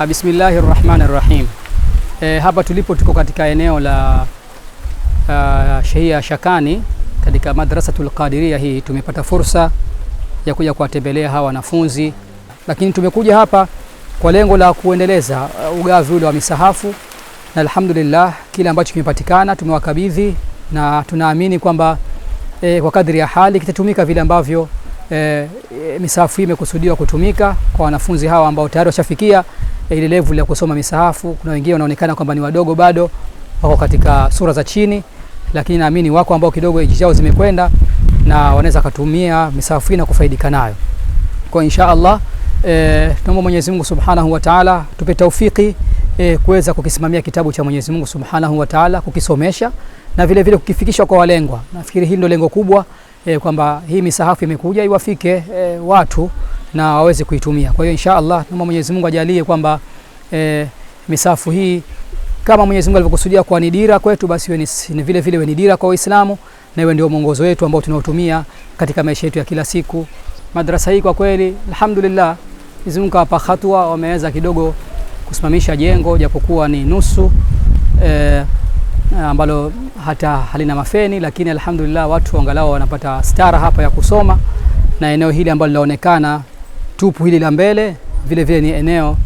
Ah, Bismillahi rahmani rahim. E, hapa tulipo tuko katika eneo la uh, Shehia Shakani katika Madrasatul Qadiria. Hii tumepata fursa ya kuja kuwatembelea hawa wanafunzi, lakini tumekuja hapa kwa lengo la kuendeleza ah, ugavi ule wa misahafu, na alhamdulillah kile ambacho kimepatikana tumewakabidhi, na tunaamini kwamba e, kwa kadri ya hali kitatumika vile ambavyo e, misahafu hii imekusudiwa kutumika kwa wanafunzi hawa ambao tayari washafikia ya ile level ya kusoma misahafu. Kuna wengine wanaonekana kwamba ni wadogo bado, wako katika sura za chini, lakini naamini wako ambao kidogo eji zao zimekwenda na wanaweza kutumia misahafu na kufaidika nayo. Kwa insha Allah e, tunaomba Mwenyezi Mungu Subhanahu wa Ta'ala tupe taufiki e, eh, kuweza kukisimamia kitabu cha Mwenyezi Mungu Subhanahu wa Ta'ala, kukisomesha na vile vile kukifikisha kwa walengwa. Nafikiri hili ndio lengo kubwa e, kwamba hii misahafu imekuja iwafike e, watu na waweze kuitumia. Kwa hiyo insha Allah naomba Mwenyezi Mungu ajalie kwamba e, misafu hii kama Mwenyezi Mungu alivyokusudia kuwa ni dira kwetu, basi ni, ni vile vile ni dira kwa Waislamu na iwe ndio mwongozo wetu ambao tunaotumia katika maisha yetu ya kila siku. Madrasa hii kwa kweli alhamdulillah, Mwenyezi Mungu kawapa hatua, wameweza kidogo kusimamisha jengo japokuwa ni nusu e, ambalo hata halina mafeni, lakini alhamdulillah watu angalau wanapata stara hapa ya kusoma na eneo hili ambalo linaonekana tupu hili la mbele, vile vile ni eneo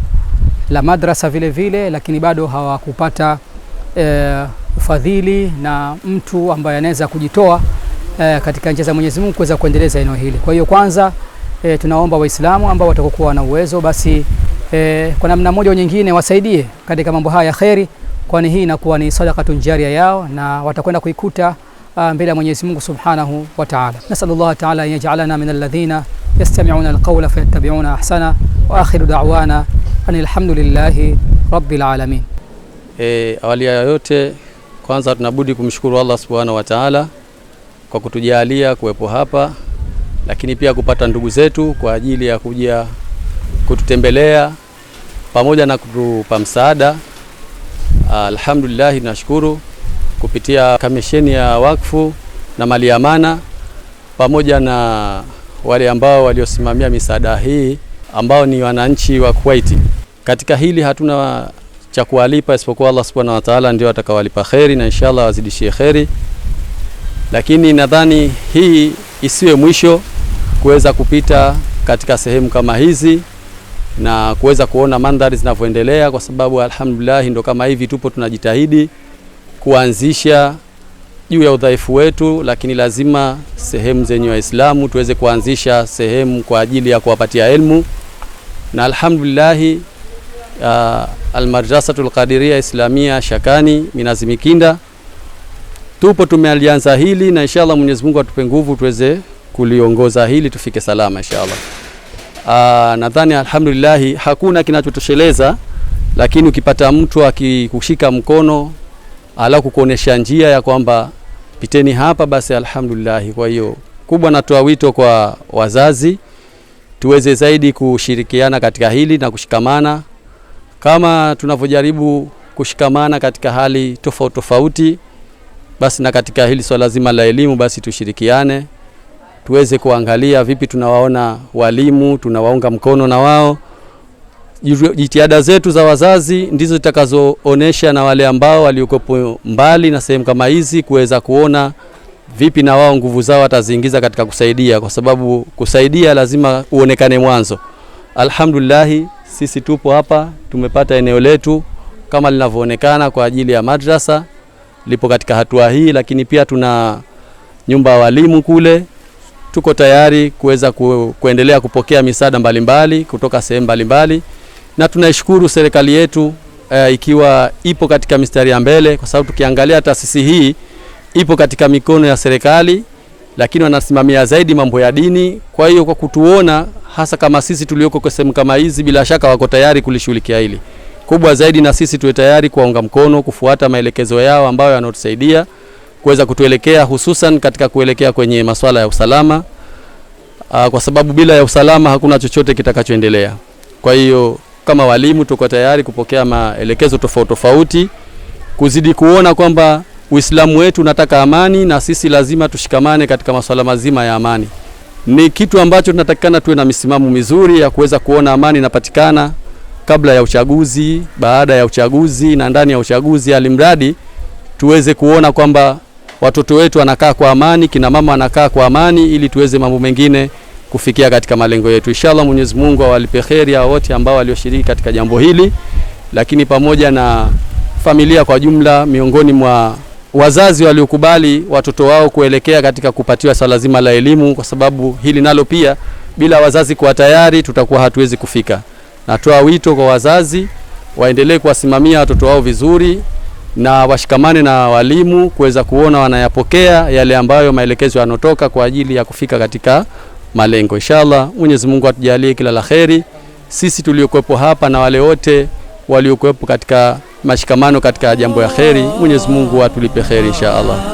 la madrasa vile vile, lakini bado hawakupata e, ufadhili na mtu ambaye anaweza kujitoa e, katika njia za Mwenyezi Mungu kuweza kuendeleza eneo hili. Kwa hiyo kwanza e, tunaomba Waislamu ambao watakokuwa na uwezo basi e, kwa namna moja au nyingine wasaidie katika mambo haya ya kheri, kwani hii inakuwa ni sadakatun jaria yao na watakwenda kuikuta ah, mbele ya Mwenyezi Mungu Subhanahu wa Ta'ala. Nasallallahu ta'ala an yaj'alana min alladhina yastami'una alqawla fayattabi'una ahsana wa akhiru da'wana alhamdulillahi rabbil alamin. E, awali ya yote kwanza tunabudi kumshukuru Allah subhanahu wa ta'ala kwa kutujalia kuwepo hapa, lakini pia kupata ndugu zetu kwa ajili ya kuja kututembelea pamoja na kutupa msaada. Alhamdulillah, nashukuru kupitia kamisheni ya wakfu na mali amana pamoja na wale ambao waliosimamia misaada hii ambao ni wananchi wa Kuwait. Katika hili hatuna cha kuwalipa isipokuwa Allah subhanahu wa ta'ala ndio atakawalipa kheri, na inshallah wazidishie kheri, lakini nadhani hii isiwe mwisho kuweza kupita katika sehemu kama hizi na kuweza kuona mandhari zinavyoendelea, kwa sababu alhamdulillah ndo kama hivi tupo tunajitahidi kuanzisha juu ya udhaifu wetu, lakini lazima sehemu zenye Waislamu tuweze kuanzisha sehemu kwa ajili ya kuwapatia elmu, na alhamdulillahi uh, Almadrasatul Qadiria Islamia Shakani Minazi Mikinda tupo tumealianza hili na inshallah Mwenyezi Mungu atupe nguvu tuweze kuliongoza hili tufike salama inshallah. Ah, nadhani alhamdulillah hakuna kinachotosheleza, lakini ukipata mtu akikushika mkono ala kukuonesha njia ya kwamba piteni hapa basi, alhamdulillah. Kwa hiyo kubwa, natoa wito kwa wazazi tuweze zaidi kushirikiana katika hili na kushikamana kama tunavyojaribu kushikamana katika hali tofauti tofauti, basi na katika hili swala zima la elimu, basi tushirikiane tuweze kuangalia vipi tunawaona walimu, tunawaunga mkono na wao jitihada zetu za wazazi ndizo zitakazoonesha na wale ambao waliokopo mbali na sehemu kama hizi kuweza kuona vipi na wao nguvu zao wataziingiza katika kusaidia, kwa sababu kusaidia lazima uonekane mwanzo. Alhamdulillah, sisi tupo hapa, tumepata eneo letu kama linavyoonekana kwa ajili ya madrasa, lipo katika hatua hii, lakini pia tuna nyumba ya walimu kule. Tuko tayari kuweza kuendelea kupokea misaada mbalimbali kutoka sehemu mbalimbali na tunaishukuru serikali yetu e, ikiwa ipo katika mistari ya mbele, kwa sababu tukiangalia taasisi hii ipo katika mikono ya serikali, lakini wanasimamia zaidi mambo ya dini. Kwa hiyo kwa kutuona hasa kama sisi tulioko kwa sehemu kama hizi, bila shaka wako tayari kulishughulikia hili kubwa zaidi, na sisi tuwe tayari kuwaunga mkono, kufuata maelekezo yao ambayo yanatusaidia kuweza kutuelekea, hususan katika kuelekea kwenye masuala ya usalama, ah, kwa sababu bila ya usalama hakuna chochote kitakachoendelea. Kwa hiyo kama walimu tuko tayari kupokea maelekezo tofauti tofauti, kuzidi kuona kwamba Uislamu wetu unataka amani na sisi lazima tushikamane katika masuala mazima ya amani. Ni kitu ambacho tunatakikana tuwe na misimamo mizuri ya kuweza kuona amani inapatikana kabla ya uchaguzi, baada ya uchaguzi na ndani ya uchaguzi, alimradi tuweze kuona kwamba watoto wetu wanakaa kwa amani, kina mama wanakaa kwa amani, ili tuweze mambo mengine kufikia katika malengo yetu. Inshallah Mwenyezi Mungu awalipe kheri hao wote ambao walioshiriki katika jambo hili, lakini pamoja na familia kwa jumla, miongoni mwa wazazi waliokubali watoto wao kuelekea katika kupatiwa swala zima la elimu, kwa sababu hili nalo pia bila wazazi kuwa tayari tutakuwa hatuwezi kufika. Natoa wito kwa wazazi waendelee kuwasimamia watoto wao vizuri na washikamane na walimu kuweza kuona wanayapokea yale ambayo maelekezo yanotoka kwa ajili ya kufika katika malengo. Inshallah Mwenyezi Mungu atujalie kila la kheri, sisi tuliokuwepo hapa na wale wote waliokuwepo katika mashikamano katika jambo ya kheri. Mwenyezi Mungu atulipe kheri inshallah.